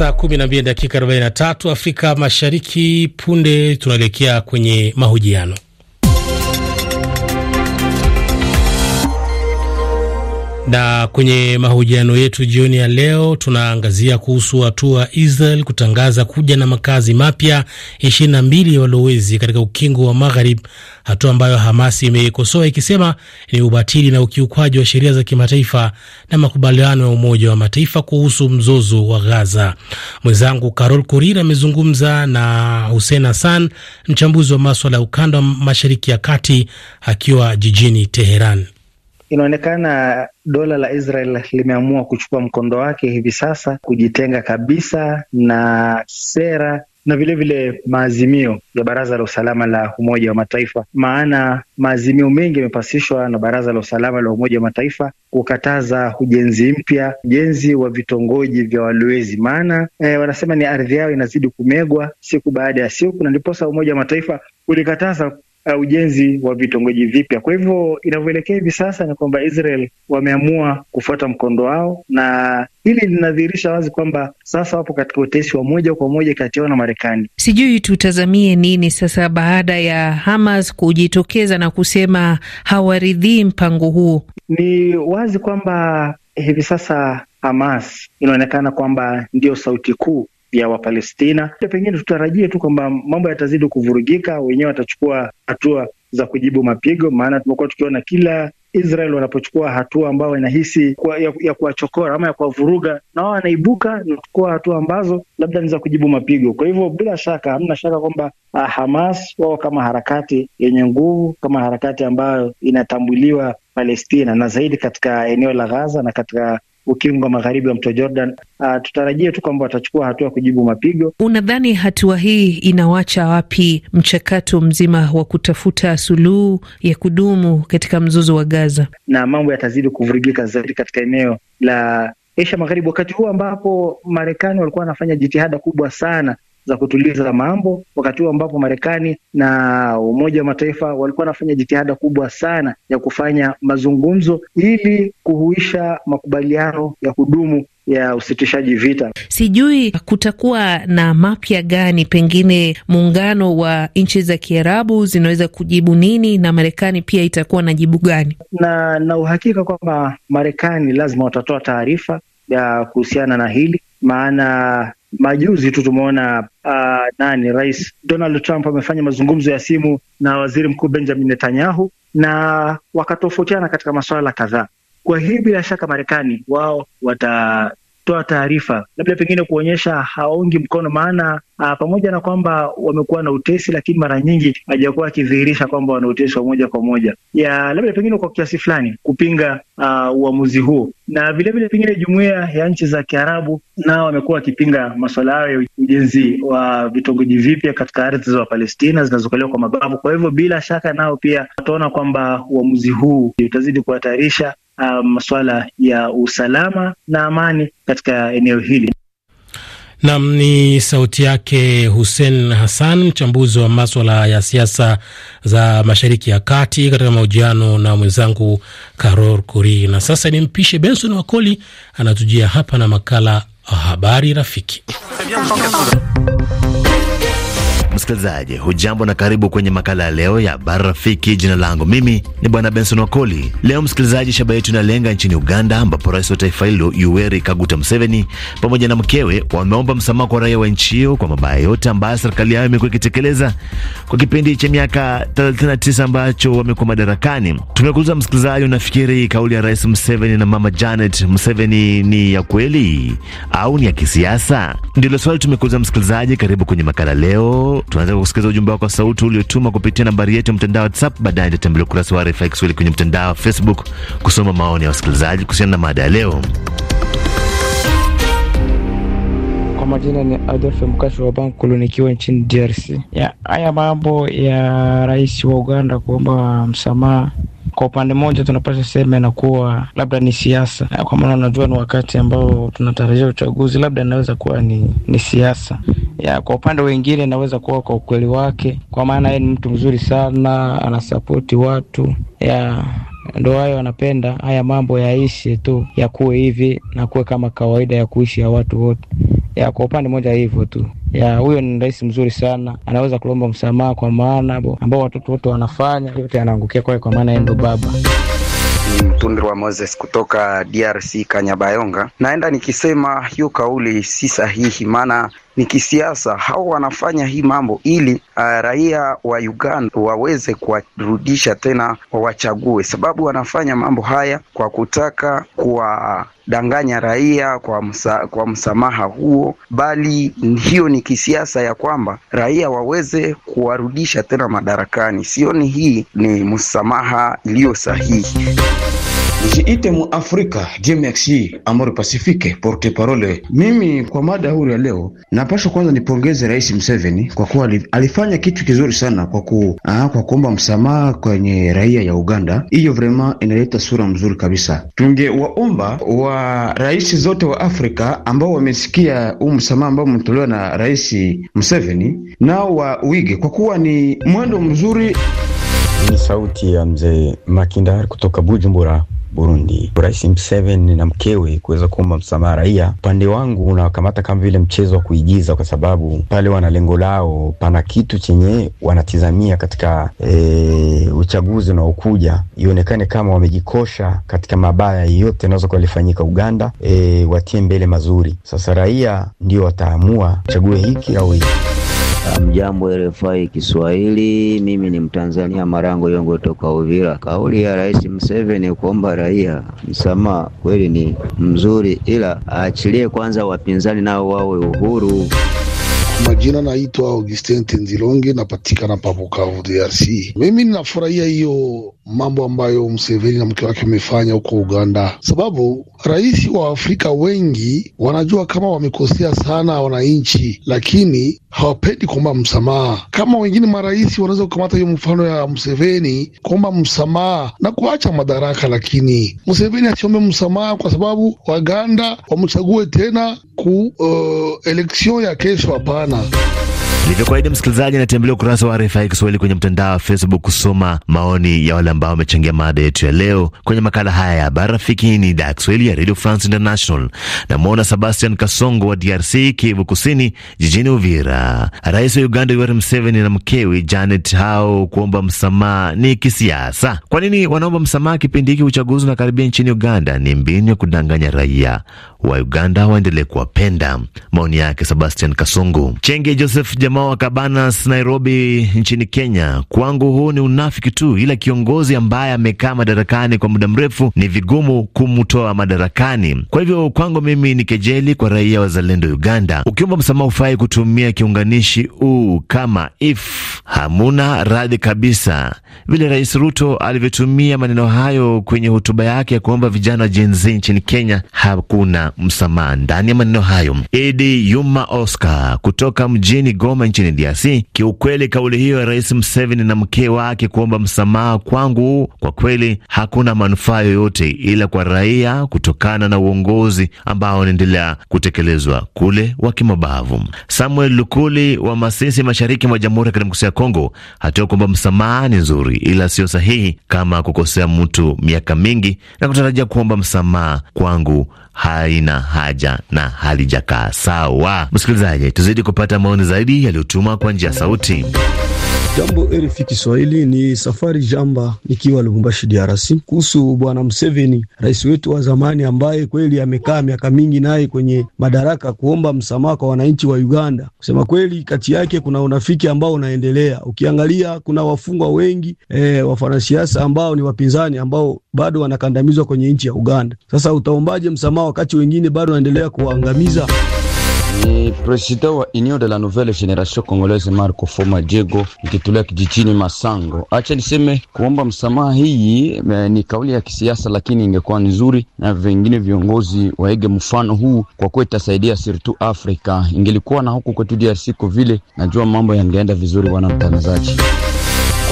saa 12 dakika 43 Afrika Mashariki. Punde tunaelekea kwenye mahojiano. Na kwenye mahojiano yetu jioni ya leo tunaangazia kuhusu hatua Israel kutangaza kuja na makazi mapya 22 ya walowezi katika ukingo wa magharib hatua ambayo Hamas imeikosoa ikisema ni ubatili na ukiukwaji wa sheria za kimataifa na makubaliano ya Umoja wa Mataifa kuhusu mzozo wa Gaza. Mwenzangu Carol Kurir amezungumza na Hussein Hassan, mchambuzi wa maswala ya ukanda wa Mashariki ya Kati, akiwa jijini Teheran. Inaonekana dola la Israel limeamua kuchukua mkondo wake hivi sasa, kujitenga kabisa na sera na vilevile vile maazimio ya Baraza la Usalama la Umoja wa Mataifa. Maana maazimio mengi yamepasishwa na Baraza la Usalama la Umoja wa Mataifa kukataza ujenzi mpya, ujenzi wa vitongoji vya walowezi, maana e, wanasema ni ardhi yao inazidi kumegwa siku baada ya siku, na ndiposa Umoja wa Mataifa ulikataza uh, ujenzi wa vitongoji vipya. Kwa hivyo inavyoelekea hivi sasa ni kwamba Israel wameamua kufuata mkondo wao, na hili linadhihirisha wazi kwamba sasa wapo katika utesi wa moja kwa moja kati yao na Marekani. Sijui tutazamie nini sasa baada ya Hamas kujitokeza na kusema hawaridhii mpango huo. Ni wazi kwamba hivi sasa Hamas inaonekana kwamba ndiyo sauti kuu ya Wapalestina. Pengine tutarajie tu kwamba mambo yatazidi kuvurugika, wenyewe watachukua hatua za kujibu mapigo, maana tumekuwa tukiona kila Israel wanapochukua hatua ambayo inahisi kwa, ya, ya kuwachokora ama ya kuwavuruga, na wao wanaibuka na kuchukua hatua ambazo labda ni za kujibu mapigo. Kwa hivyo bila shaka, hamna shaka kwamba ah, Hamas wao kama harakati yenye nguvu, kama harakati ambayo inatambuliwa Palestina na zaidi katika eneo la Gaza na katika ukingo magharibi wa mto Jordan. Uh, ah, tutarajia tu kwamba watachukua hatua kujibu mapigo. Unadhani hatua hii inawacha wapi mchakato mzima wa kutafuta suluhu ya kudumu katika mzozo wa Gaza? Na mambo yatazidi kuvurugika zaidi katika eneo la Asia Magharibi, wakati huu ambapo Marekani walikuwa wanafanya jitihada kubwa sana za kutuliza mambo, wakati huo ambapo Marekani na Umoja wa Mataifa walikuwa wanafanya jitihada kubwa sana ya kufanya mazungumzo ili kuhuisha makubaliano ya kudumu ya usitishaji vita. Sijui kutakuwa na mapya gani, pengine muungano wa nchi za Kiarabu zinaweza kujibu nini, na Marekani pia itakuwa na jibu gani, na na uhakika kwamba Marekani lazima watatoa taarifa ya kuhusiana na hili, maana Majuzi tu tumeona uh, nani Rais Donald Trump amefanya mazungumzo ya simu na Waziri Mkuu Benjamin Netanyahu na wakatofautiana katika masuala kadhaa. Kwa hii bila shaka Marekani wao wata kutoa taarifa, labda pengine kuonyesha hawaungi mkono, maana ah, pamoja na kwamba wamekuwa na utesi, lakini mara nyingi hajakuwa akidhihirisha kwamba wana utesi wa moja kwa moja, ya labda pengine kwa kiasi fulani kupinga ah, uamuzi huo, na vilevile pengine jumuiya ya nchi za Kiarabu nao wamekuwa wakipinga masuala hayo ya ujenzi wa vitongoji vipya katika ardhi za Wapalestina zinazokaliwa kwa mabavu. Kwa hivyo bila shaka nao pia wataona kwamba uamuzi huu utazidi kuhatarisha uh, masuala ya usalama na amani katika eneo hili. Nam ni sauti yake Hussein Hassan, mchambuzi wa maswala ya siasa za Mashariki ya Kati, katika mahojiano na mwenzangu karor Kuri. Na sasa ni mpishe Benson Wakoli anatujia hapa na makala Habari Rafiki. Msikilizaji hujambo na karibu kwenye makala ya leo ya Bara Rafiki. Jina langu mimi ni Bwana Benson Wakoli. Leo msikilizaji, shaba yetu inalenga nchini Uganda, ambapo rais wa taifa hilo Yoweri Kaguta Museveni pamoja na mkewe wameomba msamaha kwa raia wa nchi hiyo kwa mabaya yote ambayo serikali yao imekuwa ikitekeleza kwa kipindi cha miaka 39 ambacho wamekuwa madarakani. Tumekuuliza msikilizaji, unafikiri kauli ya rais Museveni na mama Janet Museveni ni ya kweli au ni ya kisiasa? Ndilo swali tumekuuza msikilizaji. Karibu kwenye makala leo. Tunaanza kwa kusikiliza ujumbe wako wa sauti uliotuma kupitia nambari yetu ya mtandao WhatsApp. Baadaye nitatembelea ukurasa wa RFI Kiswahili kwenye mtandao wa Facebook kusoma maoni ya wasikilizaji kuhusiana na mada ya leo. Kwa majina ni Adolf Mkasho wa Bankulu nikiwa nchini DRC. Haya mambo ya rais wa Uganda kuomba msamaha kwa upande mmoja tunapata sema inakuwa labda ni siasa, eh, kwa maana unajua ni wakati ambao tunatarajia uchaguzi, labda inaweza kuwa ni, ni siasa ya. Kwa upande wengine inaweza kuwa kwa ukweli wake, kwa maana yeye ni mtu mzuri sana, anasapoti watu ya ndo hayo anapenda haya mambo yaishi tu, yakuwe hivi na kuwe kama kawaida ya kuishi ya watu wote ya kwa upande mmoja hivyo tu ya huyo ni rais mzuri sana, anaweza kulomba msamaha kwa maana ambao watoto wote wanafanya yote anaangukia kwake, kwa maana yeye ndo baba. Ni Mtundri wa Moses kutoka DRC Kanyabayonga. Naenda nikisema hiyo kauli si sahihi, maana ni kisiasa. Hao wanafanya hii mambo ili uh, raia wa Uganda waweze kuwarudisha tena wawachague, sababu wanafanya mambo haya kwa kutaka kuwa danganya raia kwa, msa, kwa msamaha huo, bali hiyo ni kisiasa ya kwamba raia waweze kuwarudisha tena madarakani. Sioni hii ni msamaha iliyo sahihi. Jiite mu Afrika DMX Amore Pacifique porte parole. Mimi kwa mada huru ya leo napaswa kwanza nipongeze Rais Museveni kwa kuwa alifanya kitu kizuri sana kwa ku, aa, ah, kwa kuomba msamaha kwenye raia ya Uganda. Hiyo vrema inaleta sura mzuri kabisa. Tungewaomba wa rais zote wa Afrika ambao wamesikia huu msamaha ambao umetolewa na Rais Museveni nao uige kwa kuwa ni mwendo mzuri. Ni sauti ya mzee Makindari kutoka Bujumbura. Burundi, Rais Museveni na mkewe kuweza kuomba msamaha raia. Upande wangu unawakamata kama vile mchezo wa kuigiza, kwa sababu pale wana lengo lao, pana kitu chenye wanatizamia katika e, uchaguzi unaokuja, ionekane kama wamejikosha katika mabaya yote yanaweza kuwa yalifanyika Uganda. E, watie mbele mazuri. Sasa raia ndio wataamua chague hiki au hiki. Mjambo RFI Kiswahili, mimi ni Mtanzania Marango Yongo toka Uvira. Kauli ya Rais Museveni kuomba raia msamaha kweli ni mzuri, ila aachilie kwanza wapinzani nao wawe uhuru. Majina naitwa Augustin Tenzilonge, napatikana pa Bukavu, DRC. Mimi ninafurahia hiyo mambo ambayo Museveni na mke wake wamefanya huko Uganda, sababu rais wa Afrika wengi wanajua kama wamekosea sana wananchi, lakini hawapendi kuomba msamaha. Kama wengine marais wanaweza kukamata hiyo mfano ya Museveni, kuomba msamaha na kuacha madaraka, lakini Museveni asiombe msamaha kwa sababu Waganda wamchague tena ku uh, eleksion ya kesho. Hapana. Ilivyo msikilizaji, anatembelea ukurasa wa RFI Kiswahili kwenye mtandao wa Facebook kusoma maoni ya wale ambao wamechangia mada yetu ya leo kwenye makala haya ya habari rafiki. Ni idhaa ya Kiswahili ya Radio France International. Namwona Sebastian Kasongo wa DRC, Kivu Kusini, jijini Uvira. Rais wa Uganda Yoweri Museveni na mkewe Janet Hao kuomba msamaha ni kisiasa. Kwa nini wanaomba msamaha kipindi hiki uchaguzi unakaribia nchini Uganda? Ni mbinu ya kudanganya raia wa Uganda waendelee kuwapenda. Maoni yake Sebastian Kasungu. Chenge Joseph Jamaa wa Kabanas, Nairobi nchini Kenya. Kwangu huu ni unafiki tu, ila kiongozi ambaye amekaa madarakani kwa muda mrefu ni vigumu kumtoa madarakani. Kwa hivyo kwangu mimi ni kejeli kwa raia wazalendo Uganda. Ukiomba msamaha ufai kutumia kiunganishi u kama if. Hamuna radhi kabisa vile Rais Ruto alivyotumia maneno hayo kwenye hotuba yake ya kuomba vijana wa Gen Z nchini Kenya. Hakuna msamaha. Ndani ya maneno hayo, Idi Yuma Oscar kutoka mjini Goma nchini DRC, kiukweli kauli hiyo ya Rais Museveni na mke wake kuomba msamaha kwangu, kwa kweli hakuna manufaa yoyote ila kwa raia, kutokana na uongozi ambao unaendelea kutekelezwa kule wa kimabavu. Samuel Lukuli wa Masisi, mashariki mwa Jamhuri ya Kidemokrasia ya Kongo, hatua kuomba msamaha ni nzuri, ila sio sahihi kama kukosea mtu miaka mingi na kutarajia kuomba msamaha kwangu haina haja na halijakaa sawa. Msikilizaji, tuzidi kupata maoni zaidi yaliyotuma kwa njia ya sauti. Jambo RFI Kiswahili, ni safari jamba nikiwa Lubumbashi DRC. Kuhusu bwana mseveni rais wetu wa zamani, ambaye kweli amekaa miaka mingi naye kwenye madaraka, kuomba msamaha kwa wananchi wa Uganda. Kusema kweli, kati yake kuna unafiki ambao unaendelea. Ukiangalia kuna wafungwa wengi e, eh, wafanasiasa ambao ni wapinzani ambao bado wanakandamizwa kwenye nchi ya Uganda. Sasa utaombaje msamaha wakati wengine bado wanaendelea kuwaangamiza? Ni presida wa Union de la Nouvelle Generation Congolaise Marco Foma Diego, ikitulia kijijini Masango. Acha niseme kuomba msamaha, hii eh, ni kauli ya kisiasa, lakini ingekuwa nzuri na vingine viongozi waige mfano huu, kwa kuwa itasaidia sirtu Afrika. Ingelikuwa na huku kwetu DRC, vile najua mambo yangeenda vizuri, wana mtangazaji.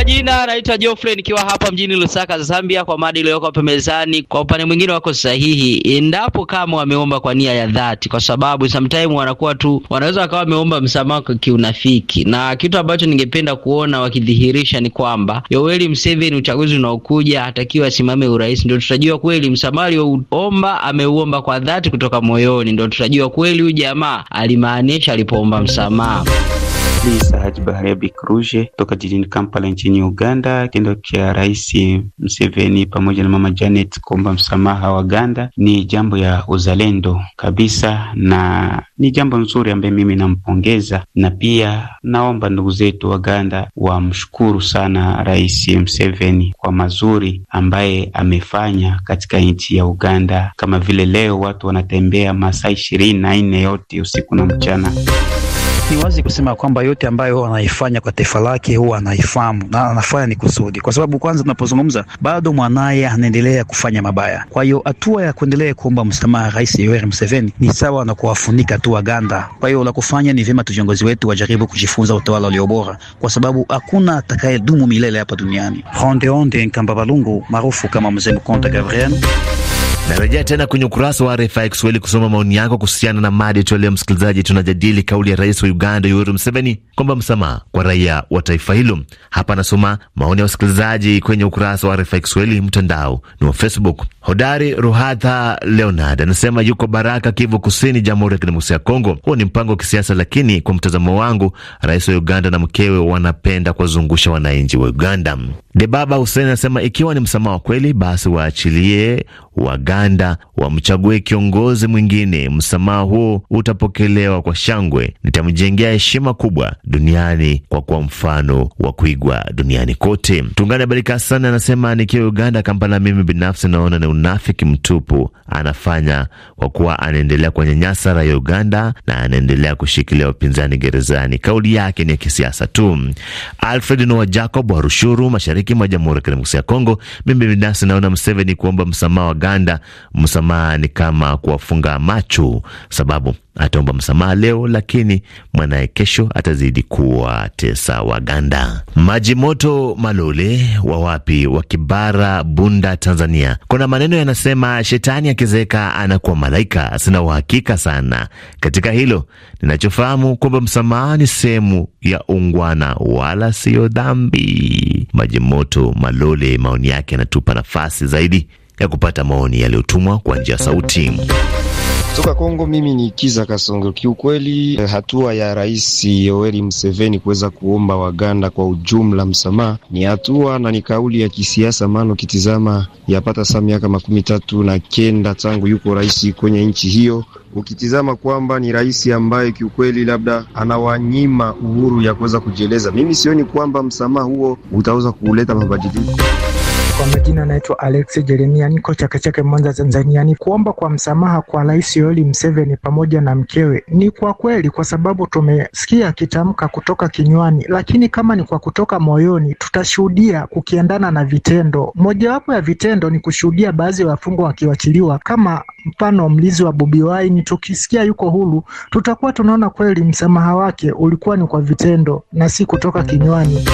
Kwa jina naitwa Geoffrey nikiwa hapa mjini Lusaka, Zambia, kwa mada iliyoko hapa mezani. Kwa upande mwingine wako sahihi, endapo kama wameomba kwa nia ya dhati, kwa sababu sometimes wanakuwa tu wanaweza wakawa wameomba msamaha kwa kiunafiki, na kitu ambacho ningependa kuona wakidhihirisha ni kwamba Yoweri Museveni, uchaguzi unaokuja hatakiwa asimame urais, ndio tutajua kweli msamaha alioomba ameuomba kwa dhati kutoka moyoni, ndio tutajua kweli huyu jamaa alimaanisha alipoomba msamaha sahaji Sahaj Baharia Bikruje kutoka jijini Kampala nchini Uganda. Kitendo cha Rais Museveni pamoja na Mama Janet kuomba msamaha wa uganda ni jambo ya uzalendo kabisa, na ni jambo nzuri ambaye mimi nampongeza, na pia naomba ndugu zetu wa uganda wamshukuru sana Rais Museveni kwa mazuri ambaye amefanya katika nchi ya Uganda, kama vile leo watu wanatembea masaa ishirini na nne yote usiku na mchana. Ni wazi kusema kwamba yote ambayo anaifanya kwa taifa lake huwa anaifahamu na anafanya ni kusudi, kwa sababu kwanza, tunapozungumza bado mwanaye anaendelea kufanya mabaya. Kwa hiyo hatua ya kuendelea kuomba msamaha Rais Yoweri Museveni ni sawa na kuwafunika tu Waganda. Kwa hiyo la kufanya ni vyema tu viongozi wetu wajaribu kujifunza utawala uliobora, kwa sababu hakuna atakayedumu milele hapa duniani. Ronde Nkamba Balungu, maarufu kama Mzee Mkonta Gabriel. Narejea tena kwenye ukurasa wa RFI Kiswahili kusoma maoni yako kuhusiana na mada yetu Msikilizaji, tunajadili kauli ya rais wa Uganda Yoweri Museveni kwamba msamaha kwa raia wa taifa hilo. Hapa anasoma maoni ya wasikilizaji kwenye ukurasa wa RFI Kiswahili mtandao ni wa Facebook. Hodari Ruhatha Leonard anasema yuko Baraka, Kivu Kusini, Jamhuri ya Kidemokrasia ya Kongo. Huo ni mpango wa kisiasa, lakini kwa mtazamo wangu, rais wa Uganda na mkewe wanapenda kuwazungusha wananchi wa Uganda. De Baba Hussein anasema ikiwa ni msamaha wa kweli, basi waachilie Waganda wamchague kiongozi mwingine. Msamaha huo utapokelewa kwa shangwe. Nitamjengea heshima kubwa duniani kwa kuwa mfano wa kuigwa duniani kote. Tungane Barika sana anasema nikiwa Uganda, Kampala, mimi binafsi naona ni unafiki mtupu anafanya kwa kuwa anaendelea kuwanyanyasa raia Uganda na anaendelea kushikilia upinzani gerezani. Kauli yake ni ya kisiasa tu. Alfred Noah Jacob wa Rushuru, mashariki mashariki mwa Jamhuri ya Kidemokrasia ya Kongo. Mimi binafsi naona Museveni kuomba msamaha Waganda, msamaha ni kama kuwafunga macho, sababu ataomba msamaha leo, lakini mwanaye kesho atazidi kuwatesa Waganda. Maji moto Malole wa wapi wa Kibara, Bunda, Tanzania. Kuna maneno yanasema shetani akizeeka anakuwa malaika. Sina uhakika sana katika hilo, ninachofahamu kwamba msamaha ni sehemu ya ungwana, wala siyo dhambi maji moto Malole, maoni yake yanatupa nafasi zaidi ya kupata maoni yaliyotumwa kwa njia ya sauti. Kutoka Kongo mimi ni Kiza Kasongo. Kiukweli, eh, hatua ya Rais Yoweri Museveni kuweza kuomba Waganda kwa ujumla msamaha ni hatua na ni kauli ya kisiasa, maana ukitizama yapata saa miaka makumi tatu na kenda tangu yuko rais kwenye nchi hiyo, ukitizama kwamba ni rais ambaye kiukweli labda anawanyima uhuru ya kuweza kujieleza, mimi sioni kwamba msamaha huo utaweza kuleta mabadiliko kwa majina anaitwa Alex Jeremia, niko Chake Chake, Mwanza, Tanzania. Ni kuomba kwa msamaha kwa Rais Yoweri Museveni pamoja na mkewe. Ni kwa kweli, kwa sababu tumesikia kitamka kutoka kinywani, lakini kama ni kwa kutoka moyoni, tutashuhudia kukiendana na vitendo. Mojawapo ya vitendo ni kushuhudia baadhi ya wafungwa wakiwachiliwa, kama mfano mlizi wa Bobi Wine, tukisikia yuko huru, tutakuwa tunaona kweli msamaha wake ulikuwa ni kwa vitendo na si kutoka kinywani.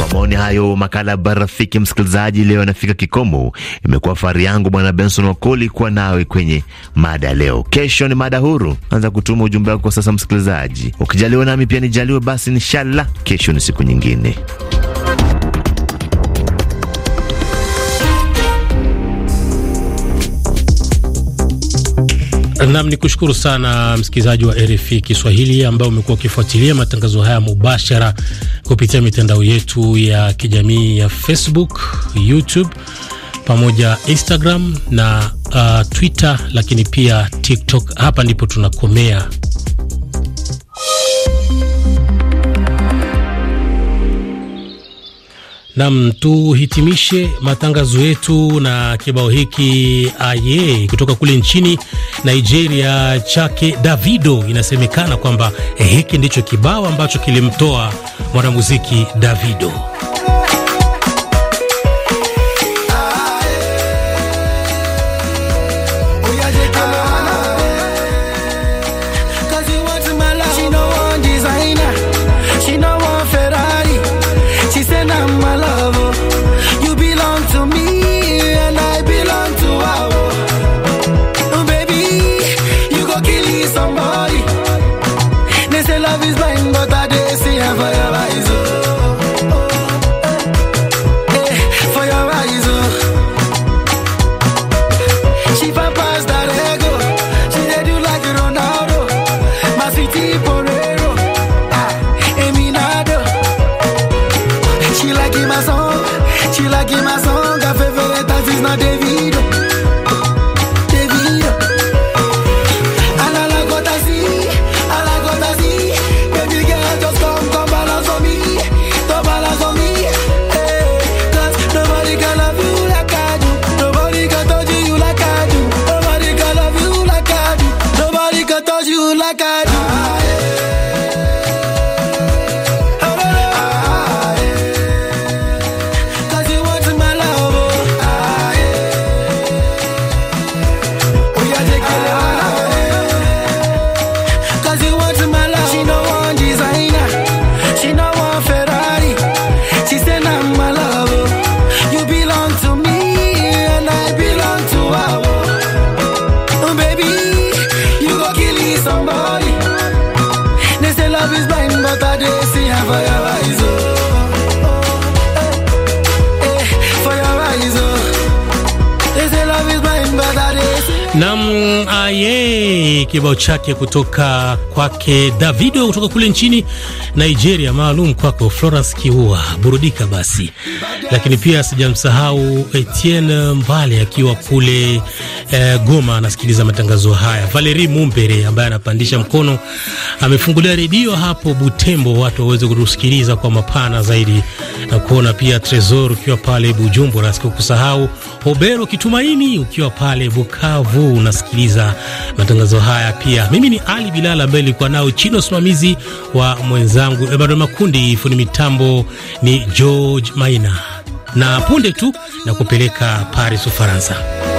Kwa maoni hayo, makala bara Rafiki msikilizaji leo yanafika kikomo. Imekuwa fahari yangu Bwana Benson Wakoli kuwa nawe kwenye mada ya leo. Kesho ni mada huru, anza kutuma ujumbe wako sasa, msikilizaji. Ukijaliwa nami pia nijaliwe, basi inshallah, kesho ni siku nyingine. Nam ni kushukuru sana msikilizaji wa RFI Kiswahili ambao umekuwa ukifuatilia matangazo haya mubashara kupitia mitandao yetu ya kijamii ya Facebook, YouTube pamoja Instagram na uh, Twitter, lakini pia TikTok. Hapa ndipo tunakomea. Nam, tuhitimishe matangazo yetu na kibao hiki aye, kutoka kule nchini Nigeria chake Davido. Inasemekana kwamba hiki ndicho kibao ambacho kilimtoa mwanamuziki Davido. Eh, eh, eh, Nam Aye kibao chake kutoka kwake Davido kutoka kule nchini Nigeria, maalum kwako Florence Kiua, burudika basi. Lakini pia sijamsahau Etienne Mbale akiwa kule eh, Goma anasikiliza matangazo haya. Valerie Mumbere ambaye anapandisha mkono amefungulia redio hapo Butembo, watu waweze kutusikiliza kwa mapana zaidi na kuona pia. Tresor ukiwa pale Bujumbura, sikukusahau. Obero Kitumaini ukiwa pale Bukavu unasikiliza kusikiliza matangazo haya pia. Mimi ni Ali Bilal ambaye ilikuwa nao chini ya usimamizi wa mwenzangu Emanuel Makundi, fundi mitambo ni George Maina, na punde tu na kupeleka Paris, Ufaransa.